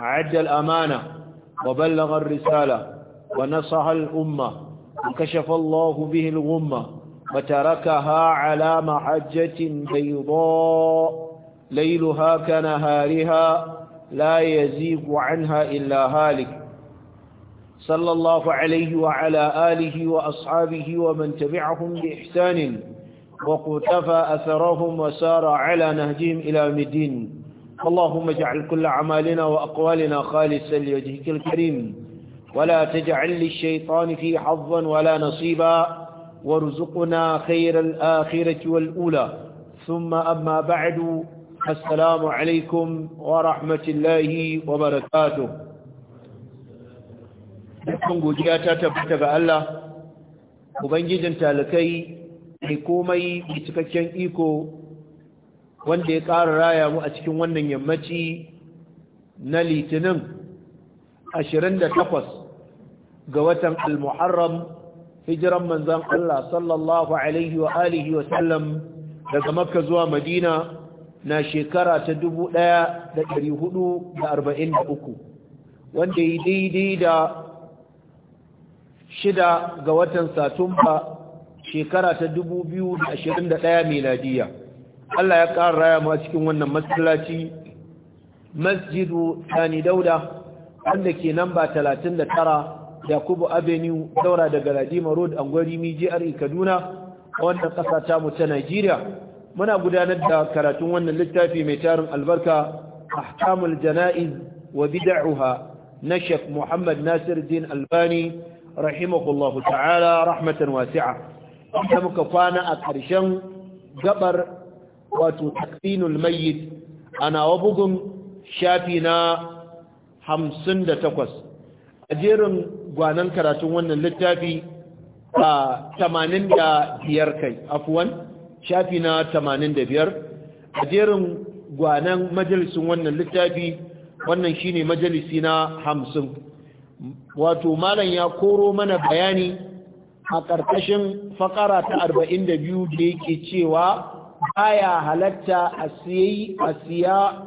أعد الأمانة وبلغ الرسالة ونصح الأمة وكشف الله به الغمة وتركها على محجة بيضاء ليلها كنهارها لا يزيغ عنها إلا هالك صلى الله عليه وعلى آله وأصحابه ومن تبعهم بإحسان وقتفى أثرهم وسار على نهجهم إلى مدين اللهم اجعل كل أعمالنا وأقوالنا خالصا لوجهك الكريم ولا تجعل للشيطان في حظا ولا نصيبا وارزقنا خير الآخرة والأولى ثم أما بعد السلام عليكم ورحمة الله وبركاته dukkan godiya ta tabbata ga Allah ubangijin talakai mai komai mai cikakken iko wanda ya ƙara raya mu a cikin wannan yammaci na litinin 28 ga watan al-muharram hijiran manzan Allah sallallahu alaihi wa alihi wa sallam daga makka zuwa madina na shekara ta 1443 wanda yi daidai da shida ga watan satumba shekara ta 2021 miladiya Allah ya ƙara raya ma cikin wannan masallaci masjidu Sani Dauda wanda ke namba 39 Yakubu Avenue daura daga Ladima Road Angwari jihar e, Kaduna wanda ƙasa ta mu ta Najeriya muna gudanar da karatun wannan littafi mai tarin albarka ahkamul jana'iz wa bid'uha na Sheikh Muhammad Nasir Din Albani rahimahullahu ta'ala rahmatan wasi'a inda muka kwana a ƙarshen gabar wato takfinul mayyit ana wa bugun shafi na 58 a jerin gwanan karatun wannan littafi a 85 kai afwan shafi na 85 a jerin gwanan majalisin wannan littafi wannan shine majalisi na 50 wato malam ya koro mana bayani a ƙarƙashin fakara ta 42 da yake cewa baya halatta a siya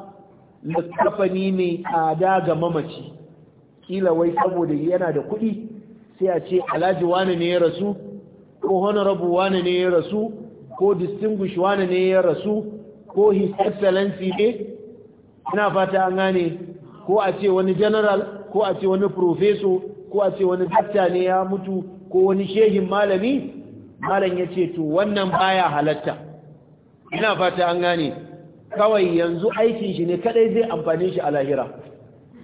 littafani mai tsada ga mamaci kila wai saboda yana da kuɗi sai a ce alhaji wane ne ya rasu ko honorable wane ne ya rasu ko distinguish wane ne ya rasu ko his excellency ne ina fata an gane ko a ce wani general ko a ce wani professor ko a ce wani dakta ne ya mutu ko wani shehin malami malam ya ce to wannan baya halatta ina fata an gane kawai yanzu aikin shi ne kadai zai amfane shi a lahira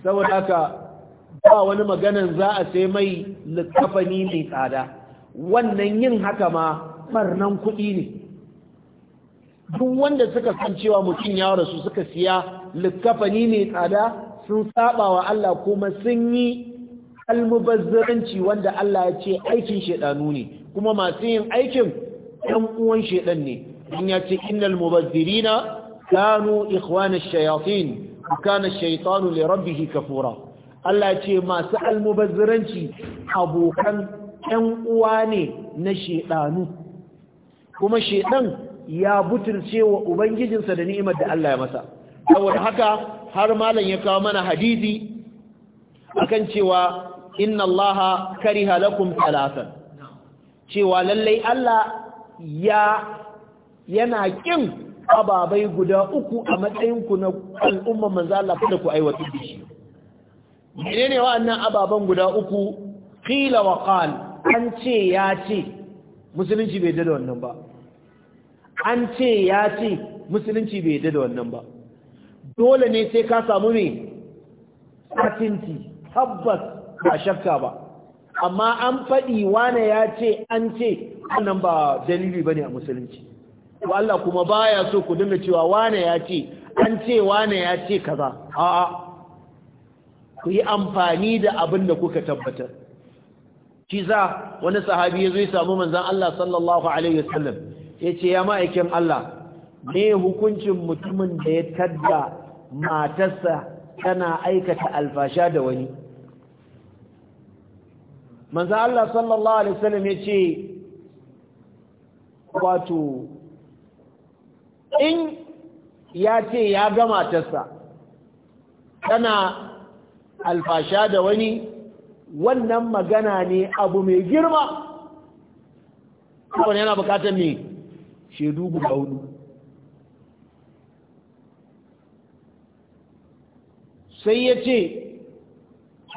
saboda haka ba wani maganan za a sai mai lakafani mai tsada wannan yin haka ma barnan kuɗi ne duk wanda suka san cewa mutum ya rasu suka siya lakafani mai tsada sun saba wa Allah kuma sun yi almubazzaranci wanda Allah ya ce aikin shedanu ne kuma masu yin aikin ɗan uwan shedan ne in ya ce innal mubazzirina kanu ikhwana shayatin kana shaytanu li rabbih kafura Allah ya ce masu almubazziranci abokan ɗan uwa ne na shedanu kuma shedan ya butulce wa ubangijinsa da ni'imar da Allah ya masa saboda haka har malam ya kawo mana hadisi akan cewa inna Allah kariha lakum talatan cewa lallai Allah ya yana kin ababai guda uku a matsayinku na al'umma manzo Allah kada ku aiwatar da shi menene wannan ababan guda uku qila wa qal an ce ya ce musulunci bai da wannan ba an ce ya ce musulunci bai da wannan ba dole ne sai ka samu me satinti tabbas ba shakka ba amma an faɗi wane ya ce an ce wannan ba dalili bane a musulunci to Allah kuma baya so ku dinga cewa wane ya ce an ce wane ya ce kaza a'a ku yi amfani da abin da kuka tabbatar shi za wani sahabi ya zo ya samu manzan Allah sallallahu alaihi wasallam ce ya ma'aikin Allah me hukuncin mutumin da ya tadda matarsa tana aikata alfasha da wani Manzan Allah sallallahu alaihi wasallam yace wato in ya ce ya gama tasa tana alfasha da wani wannan magana ne abu mai girma kuma yana bukatar mai shaidu guda hudu sai ya ce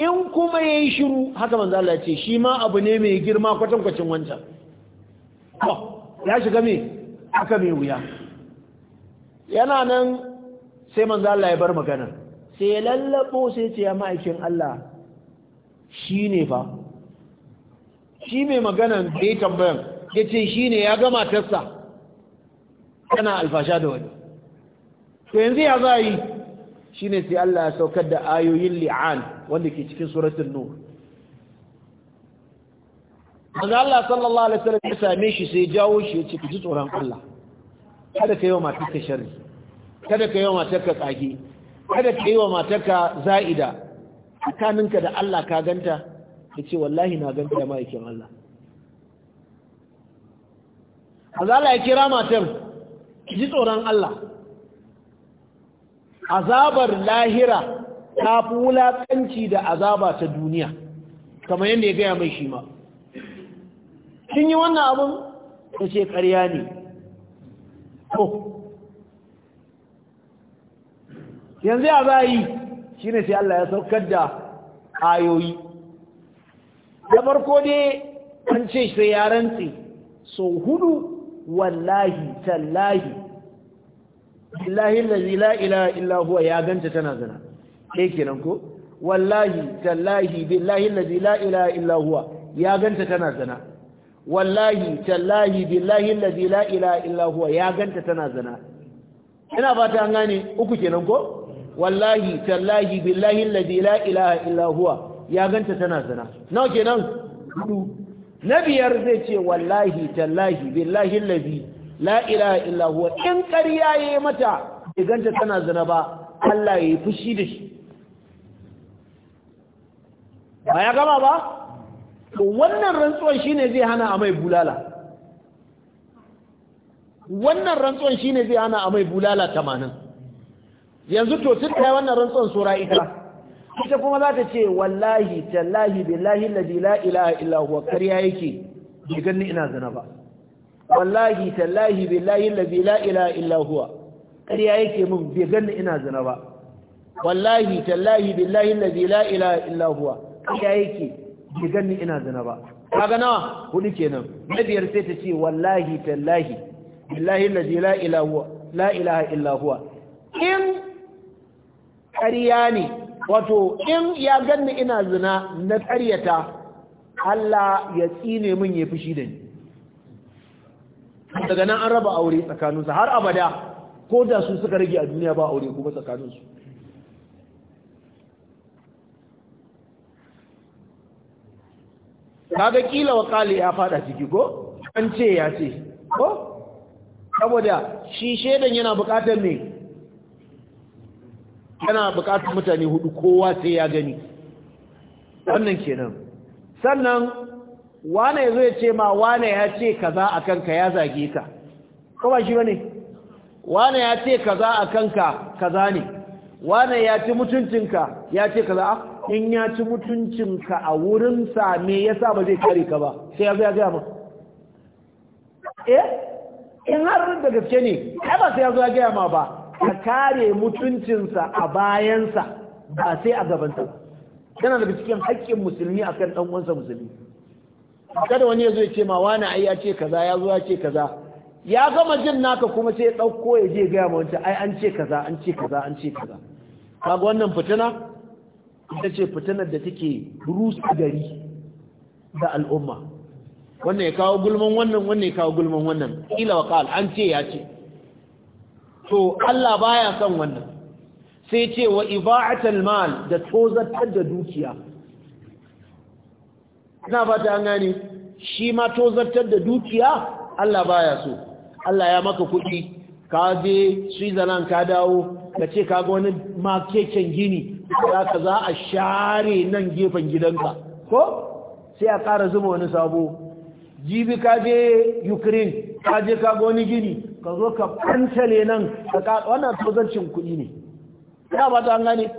in kuma ya yi shiru haka manzala ya ce shi ma abu ne mai girma kwatankwacin wancan ya shiga mai aka mai wuya yana nan sai manzo Allah ya bar magana sai ya lallabo sai ce ya ma'aikin Allah shi ne fa shi mai magana da ya tambayan ya ce shi ne ya gama tassa tana alfasha da wani to yanzu ya za yi shi ne sai Allah ya saukar da ayoyin li'an wanda ke cikin suratun nur manzo Allah sallallahu alaihi wasallam ya same shi sai jawo shi ya ce ki ji tsoron Allah kada ka yi wa matarka sharri kada ka yi wa matarka tsage kada ka yi wa matarka za'ida tsakaninka da Allah ka ganta ya ce wallahi na ganta da ma'aikin Allah azala ya kira matar ji tsoron Allah azabar lahira ta fi wulaƙanci da azaba ta duniya kamar yadda ya gaya mai shi ma kin yi wannan abin ta ce ƙarya ne ko yanzu ya za yi shi ne sai Allah ya saukar da ayoyi da farko dai an ce sai ya rantse so hudu wallahi tallahi billahi allazi la ilaha illa huwa ya ganta tana zina sai kenan ko wallahi tallahi billahi allazi la ilaha illa huwa ya ganta tana zina wallahi tallahi billahi alladhi la ilaha illa huwa ya ganta tana zina ina fata an gane uku kenan ko wallahi tallahi billahi alladhi la ilaha illa huwa ya ganta tana zina nawa kenan hudu na biyar zai ce wallahi tallahi billahi alladhi la ilaha illa huwa in ƙarya yayi mata ya ganta tana zina ba Allah ya yi fushi da shi ba ya gama ba to wannan rantsuwan shine zai hana a mai bulala wannan rantsuwan shine zai hana a mai bulala tamanin yanzu to sun da wannan rantsuwan sura ita ita kuma za ta ce wallahi tallahi billahi ladi la ilaha illa huwa kariya yake bai ganni ina zina ba wallahi tallahi billahi ladi la ilaha illa huwa kariya yake min bai ganni ina zina ba wallahi tallahi billahi ladi la ilaha illa huwa kariya yake bai ganni ina zina ba kaga nawa hudu kenan na biyar sai ta ce wallahi tallahi billahi la ilaha la ilaha illa huwa in ƙarya wato in ya ganni ina zina na ƙaryata Allah ya tsine min ya fushi da ni daga nan an raba aure tsakaninsu har abada ko da su suka rage a duniya ba aure kuma tsakaninsu kaga kila wakali ya fada ciki ko an ce ya ce ko saboda shi shedan yana bukatar ne yana bukatar mutane hudu kowa sai ya gani wannan kenan sannan wane ya ce ma wane ya ce kaza a kanka ya zage ka ko ba shi bane wane ya ce kaza a kanka kaza ne wane ya ci mutuncinka ya ce kaza ah, in ya ci mutuncinka a wurinsa me yasa ba zai kare ka ba sai ya zai gaya ma eh in har da gaske ne ai ba sai ya zai ya gaya ma ba ka kare mutuncinsa a bayansa ba sai a gabansa yana daga cikin haƙƙin musulmi akan ɗan uwansa musulmi kada wani ya zo ya ce ma wani ai ya ce kaza ya zo ya ce kaza ya gama jin naka kuma sai ya ɗauko ya je gaya ma wancan ai an ce kaza an ce kaza an ce kaza kaga wannan fitina ita ce fitinar da take rusa gari da al'umma wannan ya kawo gulman wannan wannan ya kawo gulman wannan ila wa qal an ce ya ce to Allah baya son wannan sai ce wa iba'atul mal da tozartar da dukiya ina ba ta gani. shi ma tozartar da dukiya Allah baya so Allah ya maka kuɗi ka je Switzerland ka dawo ka ce ka ga wani makeken gini za ka za a share nan gefen gidanka ko sai a ƙara zuba wani sabo jibi ka je ukraine ka je ka wani gini ka zo ka fantale nan wannan tozarcin kuɗi ne ya ba ta gane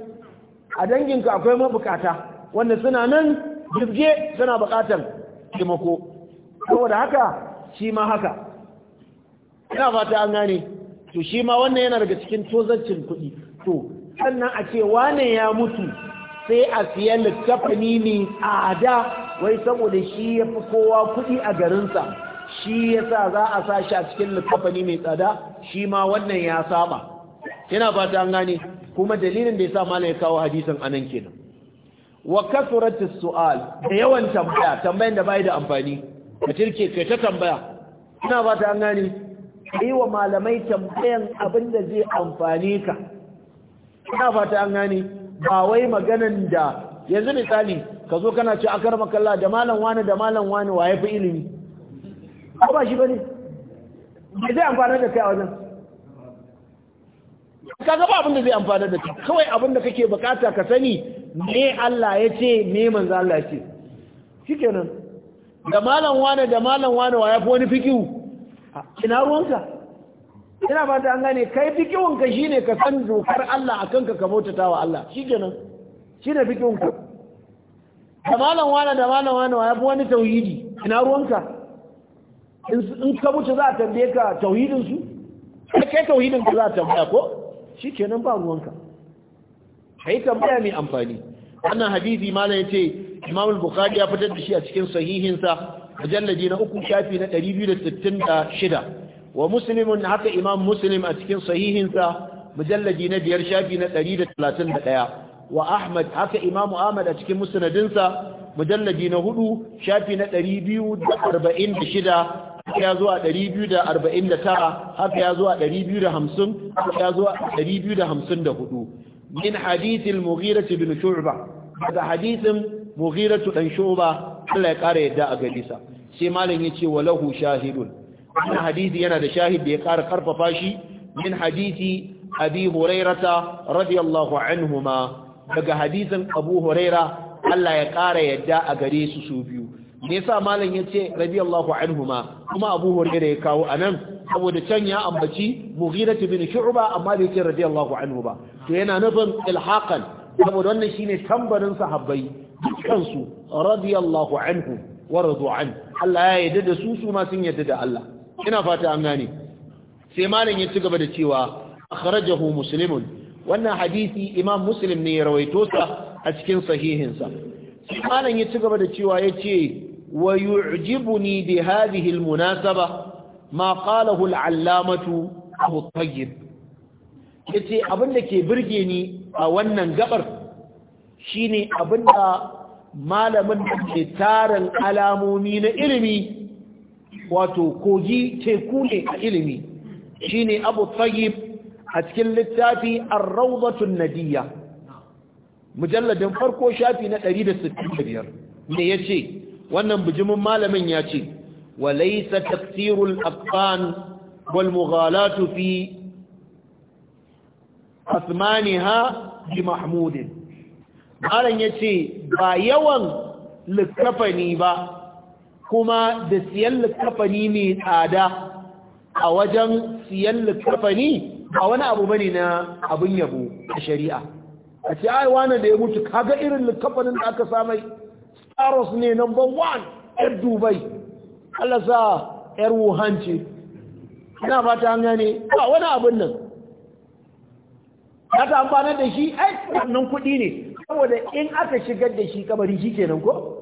a danginka akwai mabukata wanda suna nan jirge suna bukatan taimako saboda haka shi ma haka ina fata an gane to shi ma wannan yana daga cikin tozarcin kuɗi to sannan a ce wane ya mutu sai a siya littafani ne tsada wai saboda shi ya fi kowa kuɗi a garinsa shi ya sa za a sa shi a cikin littafani mai tsada shi ma wannan ya saba yana ba an gane kuma dalilin da ya sa malam ya kawo hadisin anan kenan wa kasratis su'al da yawan tambaya tambayan da bai da amfani ka tirke kai ta tambaya ina ba an gane yi wa malamai tambayan abin da zai amfane ka ina fata an gane ba wai maganan da yanzu misali ka zo kana ce akar makalla da malam wani da malam wani wa ya fi ilimi ko ba shi ba ne ba zai amfana da kai a wajen ka ga abin da zai amfana da kai kawai abin da kake bukata ka sani me Allah ya ce me manzo Allah ya ce shikenan da malam wani da malam wani wa ya fi wani fikihu ina ruwanka ina ba ta an gane kai fikiwun ka shine ka san dokar Allah akan ka ka bautata wa Allah Shi shikenan shine ne ka da malam wane da malam wani ya fi wani tauhidi ina ruwanka in ka mutu za a tambaye ka tauhidin su kai tauhidin ka za a tambaya ko Shi kenan ba ruwanka kai tambaya mai amfani wannan hadisi malam yace Imam al-Bukhari ya fitar da shi a cikin sahihinsa a mujalladi na uku shafi na 266 wa muslimun haka imam muslim a cikin sahihinsa mujallaji na biyar shafi na 131 wa ahmad haka imam ahmad a cikin musnadinsa mujallaji na hudu shafi na 246 haka ya zuwa 249 haka ya zuwa 250 haka ya zuwa 254 min hadithil mughirah bin shu'bah daga hadithin mughirah dan shu'bah Allah ya kare yadda a gadisa sai malam yace walahu shahidun wannan hadisi yana da shahid da ya ƙara karfafa shi min hadisi abi hurairata radiyallahu anhuma daga hadisin abu huraira Allah ya ƙara yadda a gare su su biyu me yasa malam yace radiyallahu anhuma kuma abu huraira ya kawo anan saboda can ya ambaci mughirah bin shu'ba amma bai ce radiyallahu anhu ba to yana nufin ilhaqan saboda wannan shine tambarin sahabbai dukansu su radiyallahu anhu wa radu an Allah ya yadda da su su ma sun yadda da Allah ina fata an gane sai malam ya ci gaba da cewa akhrajahu muslimun wannan hadisi imam muslim ne ya rawaito sa a cikin sahihinsa sai malam ya ci gaba da cewa yace wa yu'jibuni bi hadhihi almunasaba ma qalahu al'allamatu abu tayyib yace abinda ke burge ni a wannan gabar shine abinda malamin da ke tarin alamomi na ilimi wato kogi teku ne a ilimi shine abu tsagib a cikin littafi arrawdatun nadiya mujalladin farko shafi na 165 ne yace wannan bijimin malamin ya ce walaysa tafsirul akfan wal mughalatu fi asmaniha bi mahmudin malam yace ba yawan littafani ba kuma da siyan likafani mai tsada a wajen siyan likafani a wani abu bane na abin yabo a shari'a a ce ai wani da ya mutu kaga irin likafanin da aka samai staros ne number one yar dubai Allah sa yar wuhan ce ina fata an gane ba wani abin nan ta amfana da shi ai wannan kuɗi ne saboda in aka shigar da shi kamar shi kenan ko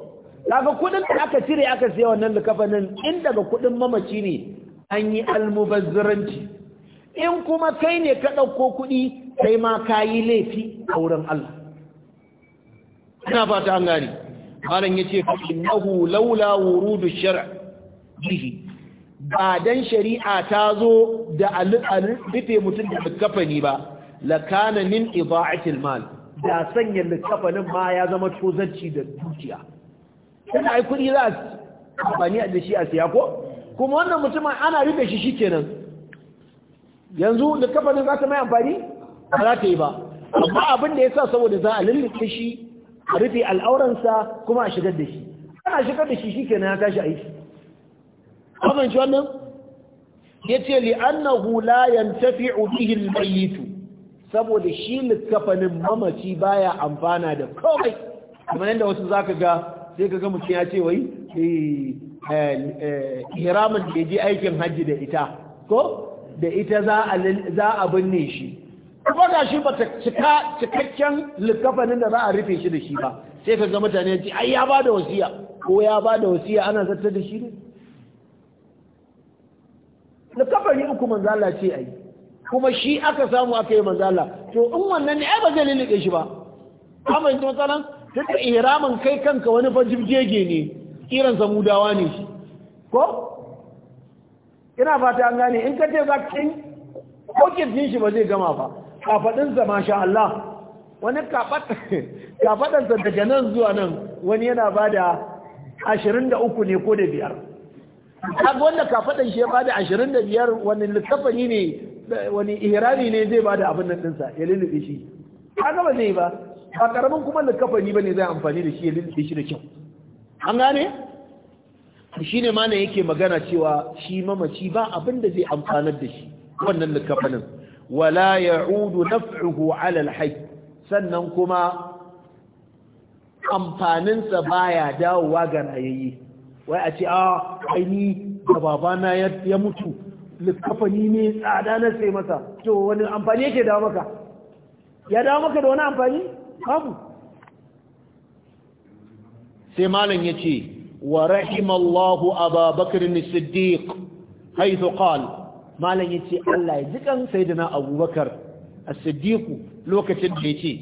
kaga kuɗin da aka cire aka siya wannan likafanin in daga kuɗin mamaci ne an yi almubazziranci in kuma kai ne ka ɗauko kuɗi sai ma ka yi laifi a wurin Allah ina fata an gani malam ya ce innahu laula wurudu shara. bihi ba dan shari'a ta zo da al'al rufe mutum da likafani ba lakana min mal da sanya likafanin ma ya zama tozarci da dukiya yana ai kuɗi za a amfani da shi a siya ko kuma wannan mutumin ana rufe shi shikenan yanzu da kafanin za ta mai amfani ba za ta yi ba amma abin da ya sa saboda za a lullufe shi a rufe al'auransa kuma a shigar da shi ana shigar da shi shikenan ya tashi aiki kamanci wannan ya ce li'annahu la yantafi'u bihi al-mayyit saboda shi likafanin mamaci baya amfana da komai kamar yadda wasu zaka ga sai ka ga mutum ya ce wai hiramun eh, eh, eh, da ji aikin hajji da ita ko da ita za a binne shi kuma ga shi ba ta cika cikakken likafanin da za a rufe shi da shi ba sai ka ga mutane ya ce ai ya ba da wasiya ko ya ba da wasiya ana zartar da shi ne likafani uku manzala ce a yi kuma shi aka samu aka yi manzala to in wannan ne ai ba zai lulluɓe shi ba amma in matsalan tun da ihramin kai kanka wani fajibjege ne kiran samudawa ne shi ko ina fata an gane in ka ce za ka kokin din shi ba zai gama ba sa masha Allah wani sa daga nan zuwa nan wani yana ba da 23 ne ko da biyar kaga wanda kafadan shi ya bada da 25 wani litafani ne wani ihrami ne zai ba da abin nan ɗinsa ya lullube shi kaga ba zai ba ba karamin kuma ni bane zai amfani da shi ya lulluɓe shi da kyau an gane shi ne mana yake magana cewa shi mamaci ba abin da zai amfanar da shi wannan likafanin wala udu naf'uhu 'ala al-hayy sannan kuma amfaninsa baya dawowa ga rayayye wai a ce a aini da babana ya mutu likafani ne tsada na sai masa to wani amfani yake dawo maka ya dawo maka da wani amfani babu sai malam ya ce wa rahimallahu ababakarin siddiq haithu qal malam ya ce Allah ya jikan na abubakar a siddiq lokacin da ya ce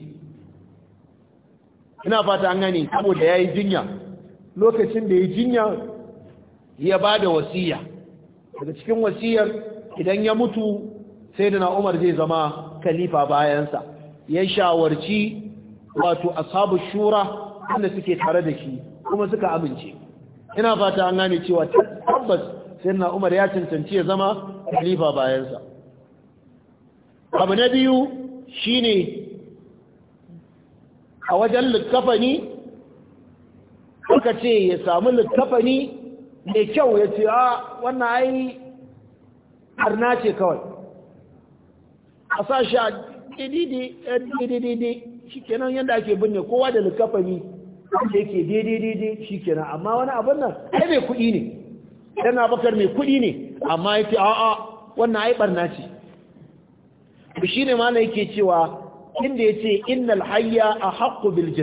ina fata an gani. saboda yi jinya lokacin da ya yi jinya ya ba da wasiya daga cikin wasiyar idan ya mutu sai da na umar zai zama khalifa bayansa ya shawarci wato ashabu shura wanda suke tare da shi kuma suka amince ina fata an gane cewa tabbas sai na Umar ya cancanci ya zama khalifa bayansa abu na biyu shine a wajen littafani suka ce ya samu littafani mai kyau ya ce a ah, wannan ai harna ce kawai a sashi a didi. shikenan yanda ake binne kowa da likafani wanda yake daidai daidai shikenan amma wani abin nan ai mai kuɗi ne yana bakar mai kuɗi ne amma fi a'a wannan ai barna ce shi ne mana yake cewa inda ya ce innal hayya haƙƙu bil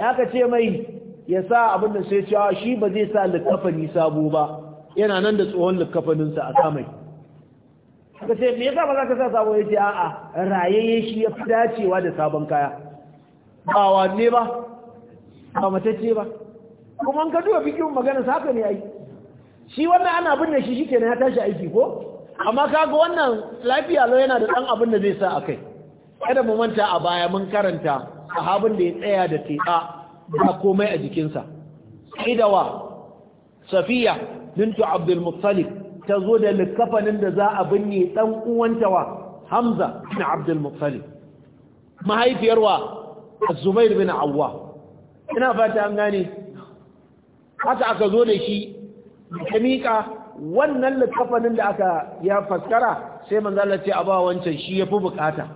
Ya ka ce mai ya sa abin da sai cewa shi ba zai sa likafani sabo ba yana nan da tsohon likafaninsa a samai aka ce me yasa ba za ka sa sabo yace a'a rayayye shi ya fi dacewa da sabon kaya ba wanne ba ba matacce ba kuma ka duba bikin magana haka ne ai shi wannan ana binne shi shikenan ya tashi aiki ko amma kaga wannan lafiya lo yana da ɗan abin da zai sa akai kada mu manta a baya mun karanta sahabin da ya tsaya da teɗa. ba komai a jikinsa sai da wa safiya bintu abdul ta zo da likafanin da za a binne ɗan uwanta wa Hamza bin Abdul Muttalib mahaifiyar wa Zubair bin Awwa ina fata an gane haka aka zo da shi ta miƙa wannan likafanin da aka ya faskara sai manzo Allah ce a ba wancan shi yafi bukata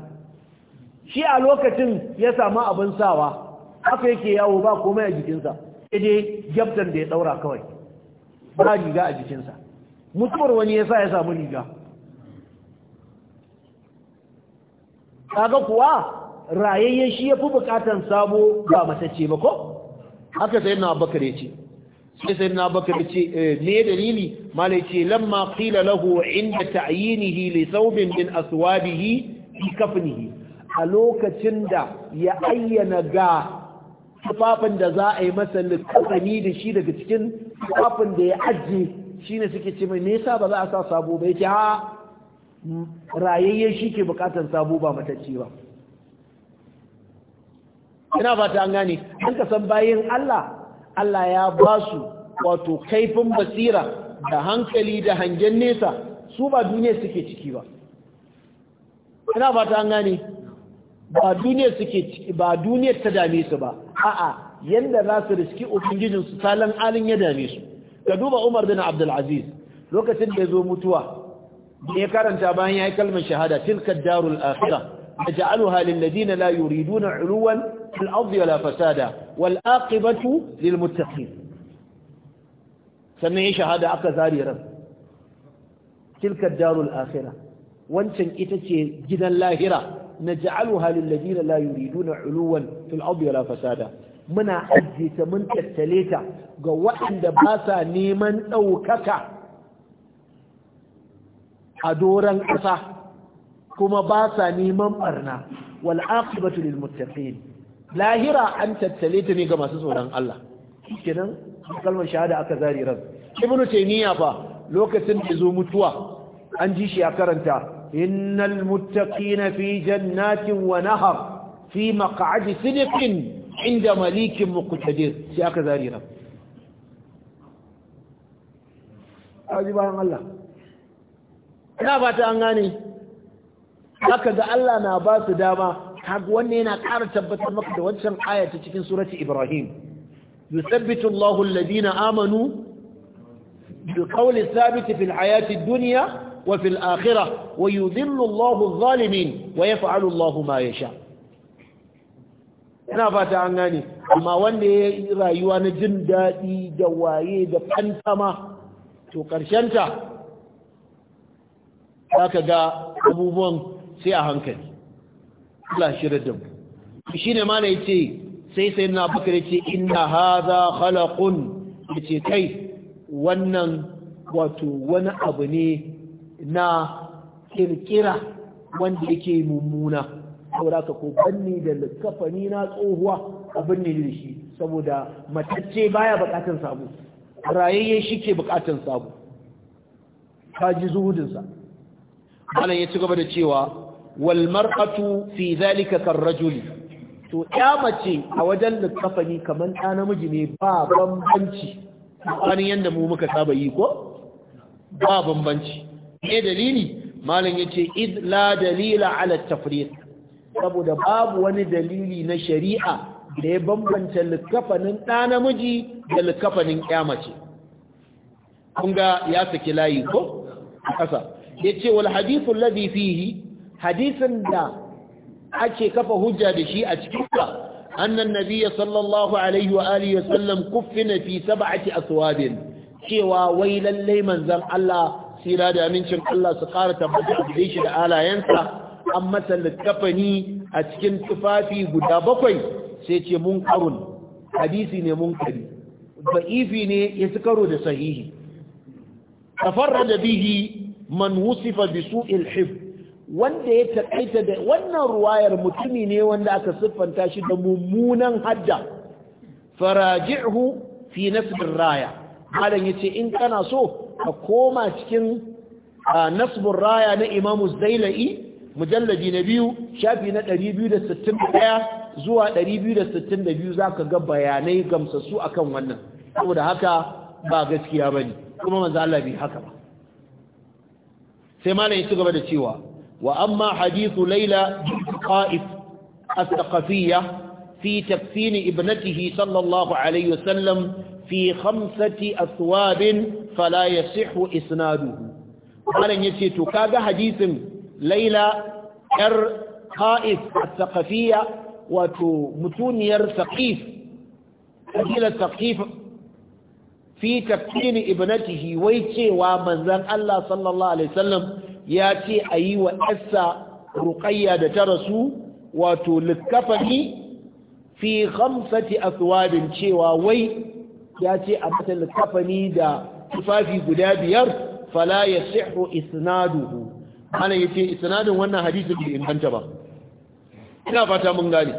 shi a lokacin ya samu abin sawa haka yake yawo ba komai a jikinsa sai dai gyabtan da ya daura kawai ba riga a jikinsa mutuwar wani ya sa ya samu riga kaga kuwa rayayyen shi ya fi bukatan sabo ba matacce ba ko haka sai na abakar ya ce sai sai na ya ce eh, me dalili malai ce lamma kila lahu inda ta'ayinihi li saubin din asuwabihi fi kafinihi a lokacin da ya ayyana ga tufafin da za a yi masa likafani da shi daga cikin tufafin da ya ajiye shine suke ce mai nesa ba za a sa sabo ba yake ha rayayye shi ke bukatar sabo ba matacce ba ina fata an gane an ka san bayan Allah Allah ya ba su wato kaifin basira da hankali da hangen nesa su ba duniya suke ciki ba ina fata an gane ba duniya suke ciki ba duniyar ta dame su ba a'a yanda za su riski ubangijin su salan alin ya dame su ka duba Umar bin Abdul Aziz lokacin da zo mutuwa ne karanta bayan yayi kalmar shahada tilka darul akhirah naj'alha lil ladina la yuriduna 'uluwan fil ardi wala fasada wal aqibatu lil muttaqin sannan shahada aka zari ran tilka darul akhirah wancan ita ce gidan lahira naj'alha lil ladina la yuriduna 'uluwan fil ardi wala fasada muna ajiye ta mun tattale ta ga waɗanda ba sa neman ɗaukaka a doron ƙasa kuma ba sa neman ɓarna wal aqibatu lil muttaqin lahira an tattale ta ne ga masu tsoron Allah kenan kalmar shahada aka zari ran ibnu taymiya fa lokacin da zo mutuwa an ji shi a karanta innal muttaqina fi jannatin wa nahar fi maq'adi sidqin inda malikin muqtadir sai aka zarira. ran aji bayan Allah ina ba ta an gane haka ga Allah na ba su dama kaga wannan yana ƙara tabbatar maka da wancan aya ta cikin surati Ibrahim yusabbitu Allahu alladhina amanu bil qawli thabit fil hayati duniya, wa fil akhirah wa yudhillu Allahu adh wa yaf'alu Allahu ma sha. ina fata an gane amma wanda ya yi rayuwa na jin daɗi da waye da fantama to ƙarshenta za ka ga abubuwan sai a hankali Allah shirin da mu shi ne ma na ce sai sai na bakar da ce ina za halakun da ce kai wannan wato wani abu ne na kirkira wanda yake mummuna saboda ka ko banni da likafani na tsohuwa a banni da shi saboda matacce baya bukatan sabo rayayye shi ke bukatan sabo ka ji zuhudinsa malam ya ci gaba da cewa wal mar'atu fi zalika kar rajuli to ya mace a wajen likafani kaman ɗa namiji ne ba bambanci tsakanin yadda mu muka saba yi ko ba bambanci ne dalili malam yace id la dalila ala tafriq saboda babu wani dalili na shari'a da ya bambanta likafanin ɗa namiji da likafanin ƴa mace kun ga ya saki layi ko ƙasa ya ce wal hadithun ladhi fihi hadisin da ake kafa hujja da shi a cikin ka annan Nabiya sallallahu alaihi wa alihi wa sallam kuffina fi sab'ati aswabin cewa wai lallai manzon Allah sira da amincin Allah su ƙara tabbata da shi da alayensa an masa littafani a cikin tufafi guda bakwai sai ce karun hadisi ne kari ba'ifi ne ya ci karo da sahihi da bihi man wusifa bi su'il hif wanda ya takaita da wannan ruwayar mutumi ne wanda aka siffanta shi da mummunan hadda faraji'hu fi nasbir raya malam yace in kana so ka koma cikin ah, nasbur raya na imamu zailai mujallabi na biyu shafi na 261 zuwa 262 zaka ga bayanai gamsassu akan wannan saboda haka ba gaskiya bane kuma manzo Allah haka ba sai malam su ci gaba da cewa wa amma hadithu laila qa'if as-saqafiyya fi tafsin ibnatihi sallallahu alayhi wasallam fi khamsati aswab fala yasihu isnaduhu malam ce to kaga hadisin laila yar ka'if al-thaqafiyya wato mutuniyar thaqif kabilar thaqif fi tafsir ibnatihi wai cewa manzan Allah sallallahu alaihi wasallam ya ce ayi wa essa ruqayya da ta rasu wato likafani fi khamsati athwabin cewa wai ya ce a mata likafani da tufafi guda biyar fala yasihu isnaduhu ana yace sanadin wannan hadisi bai inganta ba ina fata mun gane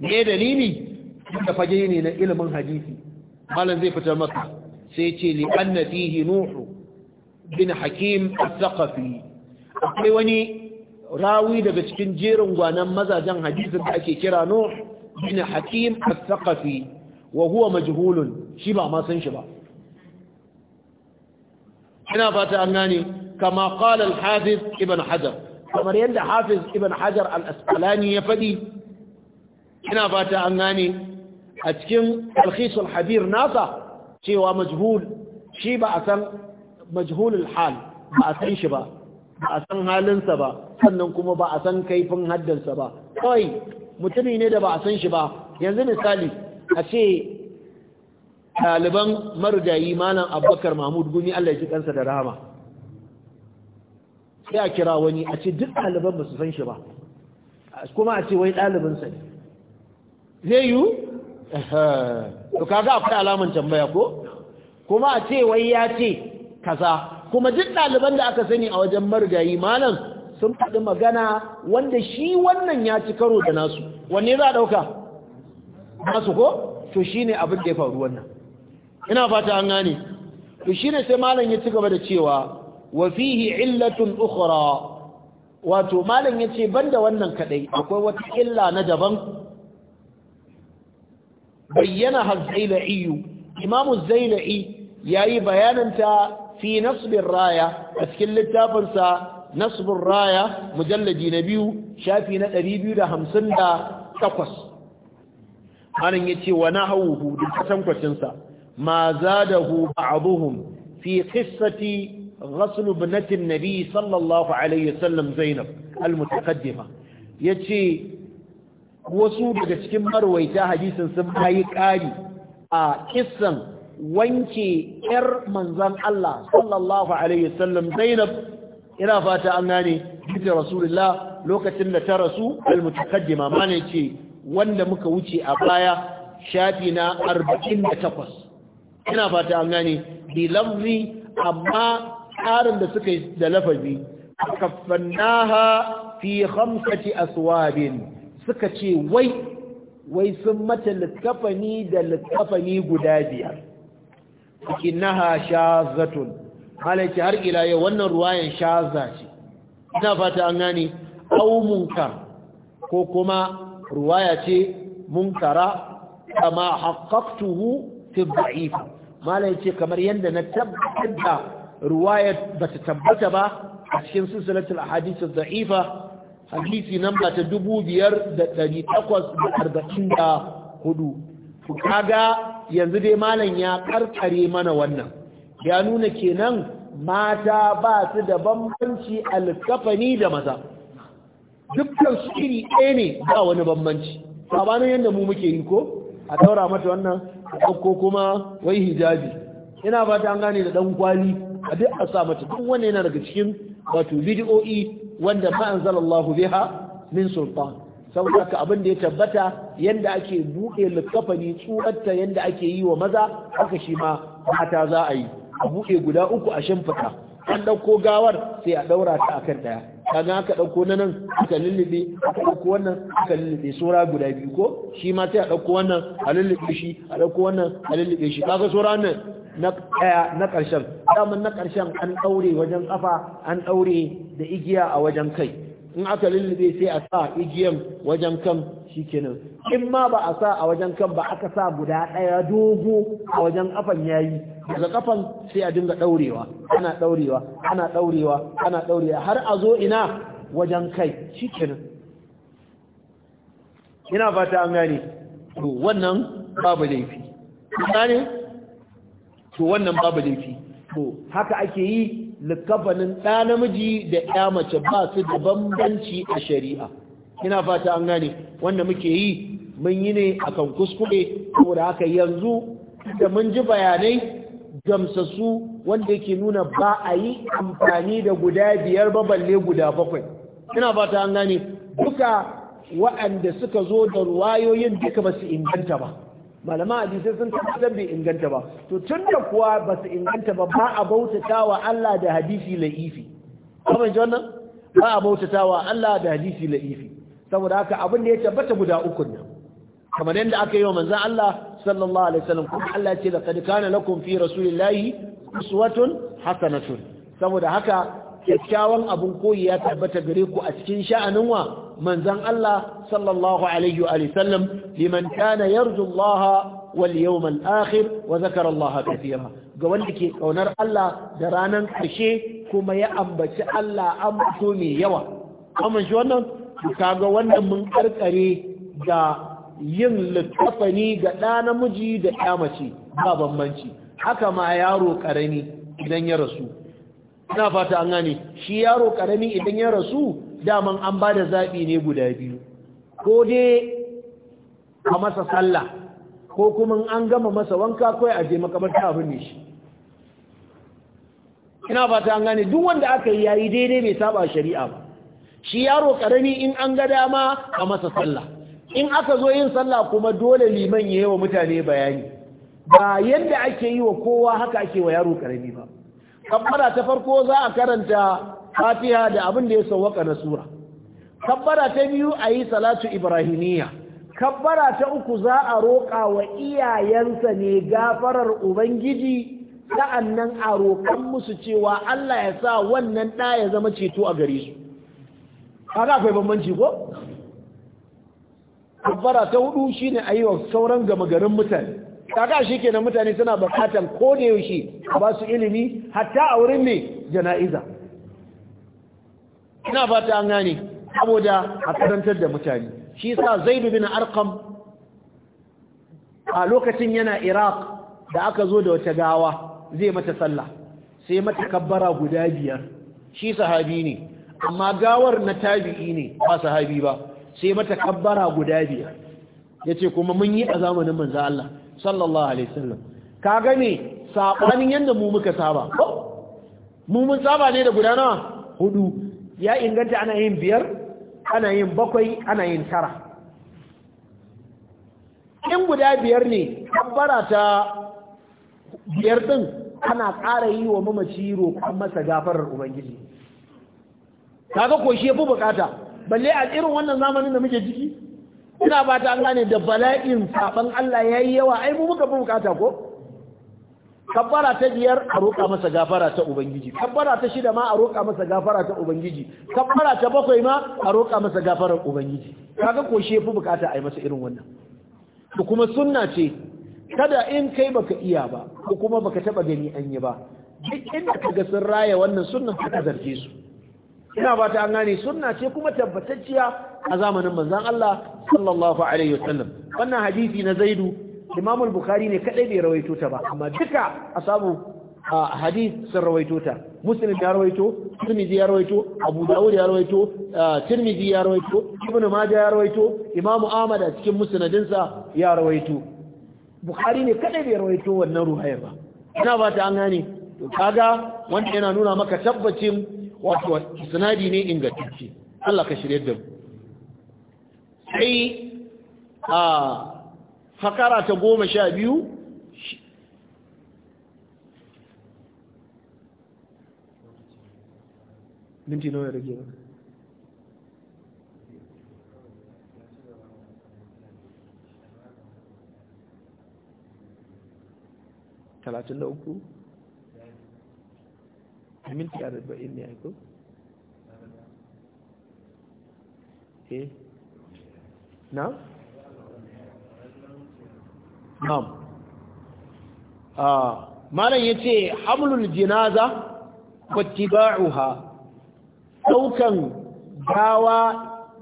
me dalili da fage ne na ilimin hadisi malam zai fita maka sai ce li anna fihi nuh bin hakim al-thaqafi akwai wani rawi daga cikin jerin gwanan mazajen hadisin da ake kira nuh bin hakim al-thaqafi wa huwa majhulun shi ba ma san shi ba ina fata an gane kama qala al-hafiz ibn hajar kamar yadda hafiz ibn hajar al-asqalani ya faɗi, ina fata an gane a cikin talkhis habir nasa cewa majhul shi ba a san majhul al-hal ba a san shi ba ba a san halinsa ba sannan kuma ba a san kaifin haddansa ba kawai mutumi ne da ba a san shi ba yanzu misali a ce ɗaliban marigayi malam abubakar mahmud gumi allah ji kansa da rahama sai a kira wani a ce duk ɗaliban ba su san shi ba kuma a ce wai ɗalibinsa ne zai yi to kaga akwai alaman tambaya ko? kuma a ce wai ya ce kaza kuma duk ɗaliban da aka sani a wajen marigayi malam sun faɗi magana wanda shi wannan ya ci karo da nasu wanne za a ɗauka? nasu ko? to shi ne abin da ya faru wannan ina fata an gane to shi ne sai malam ya ci gaba da cewa wa fihi illatun ukhra wato malam yace banda wannan kadai akwai wata illa na daban bayyana hazzailai imam az-zailai yayi bayananta fi nasb ar-raya a cikin littafin sa nasb ar-raya mujalladi na biyu shafi na 258 malam yace wa nahawuhu dukkan kwacin sa ma zadahu ba'dhum fi qissati ghaslu banatin nabi sallallahu alaihi wasallam zainab al-mutaqaddima yace wasu daga cikin marwaita hadisin sun bayi ƙari a kissan wanke ‘yar manzan Allah sallallahu Alaihi wasallam Zainab ina fata an gane bisa Rasulullah lokacin da ta rasu al-mutakaddima mana wanda muka wuce a baya shafi na 48 ina fata an gane amma tsarin da suka yi da lafazi kafannaha fi khamsati aswabin suka ce wai wai sun mata littafani da littafani guda biyar kinaha shazatun halayci har ila yau wannan ruwayan shaza ce ina fata an gane au munkar ko kuma ruwaya ce munkara kama haqqaqtuhu fi dha'if malai ce kamar yadda na tabbatar da ruwayar ba ta tabbata ba a cikin dubu biyar zaifa daifa hadisi namba ta 5844 ku kaga yanzu dai malam ya karkare mana wannan ya nuna kenan mata ba su da bambanci alkafani da maza dukkan su iri ɗaya ne ba wani bambanci sabanin yadda mu muke yi ko a taura mata wannan ko kuma wai hijabi ina fata an gane da ɗan kwali a duk a sa mata duk wannan yana daga cikin wato bidiyo'i wanda ma anzalallahu biha min sultan saboda ka abin da ya tabbata yadda ake buɗe likafani tsurarta yanda ake yi wa maza haka shi ma mata za a yi a buɗe guda uku a shimfiɗa an ɗauko gawar sai a ɗaura ta akan ɗaya kaga aka ɗauko na nan aka lullube aka ɗauko wannan aka lullube saura guda biyu ko shi ma sai a ɗauko wannan a lullube shi a ɗauko wannan a lullube shi kaga saura nan na ƙarshen daman na ƙarshen an ɗaure wajen ƙafa an ɗaure da igiya a wajen kai in aka lullube sai a sa igiyan wajen kan kenan in ma ba a sa a wajen kan ba aka sa guda ɗaya dogo a wajen ƙafan ya yi daga ƙafan sai a dinga ɗaurewa ana ɗaurewa ana ɗaurewa ana ɗaurewa har a zo ina wajen kai kenan ina fata an gane to wannan babu laifi gane to wannan babu laifi to haka ake yi likafanin ɗa namiji da ya mace ba su da bambanci a shari'a ina fata an gane wanda muke yi mun yi ne akan kuskure saboda haka yanzu da mun ji bayanai gamsasu wanda yake nuna ba a yi amfani da guda biyar ba balle guda bakwai ina fata an gane duka waɗanda suka zo da ruwayoyin duka ba su inganta ba malaman hadisai sun tabbatar bai inganta ba to tun da kuwa ba su inganta ba ba a bautata wa Allah da hadisi la'ifi kamar wannan ba a bautata wa Allah da hadisi la'ifi saboda haka abin da ya tabbata guda uku nan kamar yadda aka yi wa manzon Allah sallallahu alaihi wasallam kuma Allah ya ce laqad kana lakum fi rasulillahi uswatun hasanatun saboda haka kyakkyawan abun koyi ya tabbata gare ku a cikin sha'anin wa manzon Allah sallallahu alaihi wa sallam liman kana yarju Allah wal yawm al akhir wa zakara Allah kathira ga wanda ke kaunar Allah da ranan karshe kuma ya ambaci Allah ambato mai yawa amma shi wannan kaga wannan mun karkare da yin littafani ga ɗa namiji da ƴa mace ba bambanci haka ma yaro ƙarami idan ya rasu ina fata an gane shi yaro karami idan ya rasu daman an ba da zaɓi ne guda biyu ko dai a masa sallah ko kuma an gama masa wanka kawai a je makabarta abin ne shi ina fata an gane duk wanda aka yi yayi daidai bai saba shari'a ba shi yaro karami in an ga dama a masa sallah in aka zo yin sallah kuma dole liman ya yi wa mutane bayani ba yadda ake yi wa kowa haka ake wa yaro karami ba kabbara ta farko za a karanta fatiha da abin da ya sauwaka na sura kabbara ta biyu a yi salatu ibrahimiyya kabbara ta uku za a roƙa wa iyayensa ne gafarar ubangiji sa'annan a roƙon musu cewa Allah ya sa wannan ɗa ya zama ceto a gare su haka akwai bambanci ko kabbara ta hudu shine a yi sauran gama garin mutane kaga shi kenan mutane suna bukatan ko da yaushe a ba su ilimi hatta a wurin mai jana'iza ina fata an gane saboda a karantar da mutane shi sa zaidu bin arqam a lokacin yana iraq da aka zo da wata gawa zai mata sallah sai mata kabbara guda biyar shi sahabi ne amma gawar na tabi'i ne ba sahabi ba sai mata kabbara guda biyar yace kuma mun yi a zamanin manzo Allah sallallahu alaihi wasallam ka ne sabanin yanda mu muka saba mu mun saba ne da guda nawa hudu ya inganta ana yin biyar ana yin bakwai ana yin tara in guda biyar ne kabbara ta biyar din ana ƙara yi wa mamaci roƙon masa gafarar ubangiji kaga ko shi ya fi bukata balle a irin wannan zamanin da muke ciki ina ba ta an gane da bala'in saban Allah ya yi yawa ai mu muka fi bukata ko kabbara ta biyar a roƙa masa gafara ta ubangiji kabbara ta shida ma a roƙa masa gafara ta ubangiji kabbara ta bakwai ma a roƙa masa ta ubangiji kaga ko shi yafi bukata a yi masa irin wannan ko kuma sunna ce kada in kai baka iya ba ko kuma baka taba gani an yi ba duk inda kaga sun raya wannan sunnan ka zarge su ina ba ta an gane sunna ce kuma tabbatacciya a zamanin manzan Allah sallallahu alaihi wasallam wannan hadisi na Zaidu Imam al-Bukhari ne kadai bai rawaito ta ba amma duka asabu hadisi sun rawaito ta Muslim ya rawaito Tirmidhi ya rawaito Abu Dawud ya rawaito Tirmidhi ya rawaito Ibn Majah ya rawaito Imam Ahmad a cikin musnadinsa ya rawaito Bukhari ne kadai bai rawaito wannan ruhaya ba ina ba ta an gane to kaga wanda yana nuna maka tabbacin wato isnadi ne ingantacce Allah ka shirye da mu sai a fakara ta goma sha biyu minti nawa ya rage talatin da uku a minti arba'in ne aiko? eh na? Ah, malam ya ce hamlul jinaza wattiba'uha ɗaukan gawa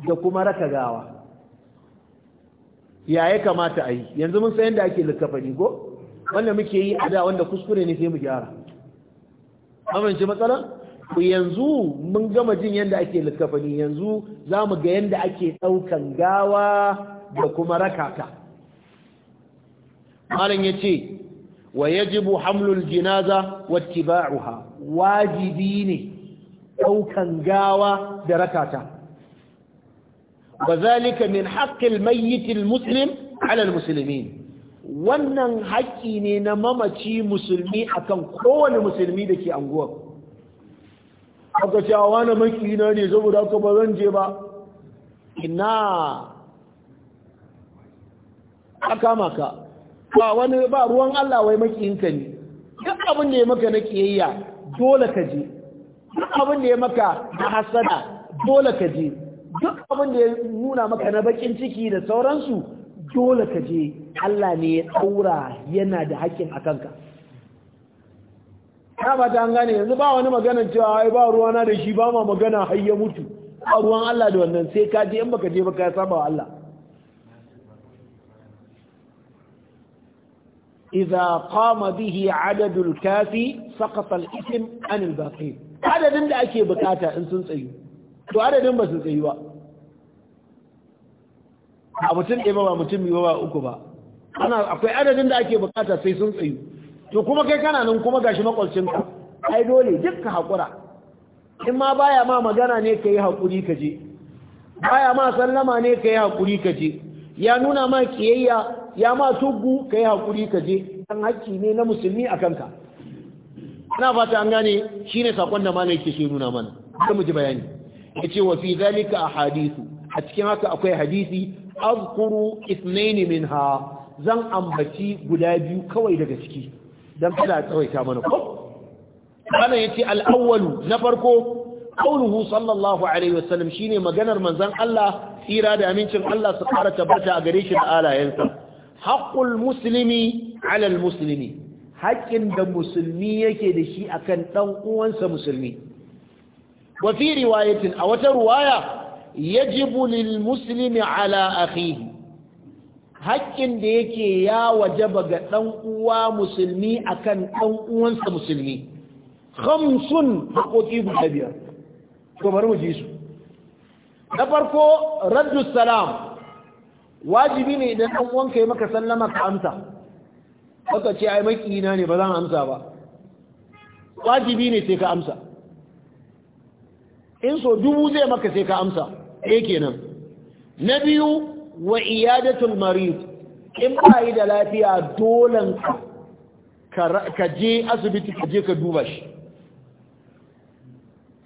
da kuma raka gawa ya ya kamata a yi yanzu mun san da ake littafani ko wanda muke yi a da wanda kuskure ne sai mu gyara amince matsala ku yanzu mun gama jin yadda ake littafani yanzu za mu ga yadda ake ɗaukan gawa da kuma rakata malam ya ce wa yajibu hamlul jinaza wattiba'uha wajibi ne ɗaukan gawa da rakata wa zalika min haqqil mayyitil muslim ala musulmi wannan haƙƙi ne na mamaci musulmi akan kowane musulmi da ke anguwar haka ce a wani makina ne saboda aka ba zan je ba ina aka maka ba wani ba ruwan Allah wai makiyinka ne duk abin da ya maka na kiyayya dole ka je duk abin da ya maka na hasada dole ka je duk abin da ya nuna maka na bakin ciki da sauransu dole ka je Allah ne ya daura yana da haƙƙin a kanka ya ba ta gane yanzu ba wani magana cewa ai ba ruwa na da shi ba ma magana har ya mutu ba ruwan Allah da wannan sai ka je in baka je baka ya saba wa Allah idza qama bihi adadul kafi saqata al ism an al baqi adadin da ake bukata in sun tsayu to adadin ba su tsayu ba a mutum ɗaya ba mutum biyu ba uku ba ana akwai adadin da ake bukata sai sun tsayu to kuma kai kana nan kuma gashi makwalcinka ai dole dukka hakura in ma baya ma magana ne ka yi haƙuri ka je baya ma sallama ne ka yi haƙuri ka je ya nuna ma kiyayya ya ma tuggu ka yi haƙuri ka je dan hakki ne na musulmi a kanka ina fata an gane shine sakon da malai ke shiru na mana sai mu ji bayani yace wa fi zalika ahadithu a cikin haka akwai hadisi azkuru ithnain minha zan ambaci guda biyu kawai daga ciki don a tsawaita mana ko Kana yace al-awwalu na farko qauluhu sallallahu alaihi wasallam maganar manzon Allah tsira da amincin Allah su fara tabbata a gare shi da alayensa haqqul muslimi alal Musulmi. haƙƙin da musulmi yake da shi akan ɗan uwansa musulmi Wafi fi riwayatin a wata riwaya yajibu lil muslimi ala akhihi haƙƙin da yake ya wajaba ga ɗan uwa musulmi akan ɗan uwansa musulmi hamsun haƙoƙi guda biyar to bari mu ji su na farko raddu salam wajibi ne idan ɗan uwanka yi maka sallama ka amsa baka ce ai makina ne ba zan amsa ba wajibi ne sai ka amsa in so dubu zai maka sai ka amsa ɗaya kenan na biyu wa iyadatul marid in ba yi da lafiya dolan ka je asibiti ka je ka duba shi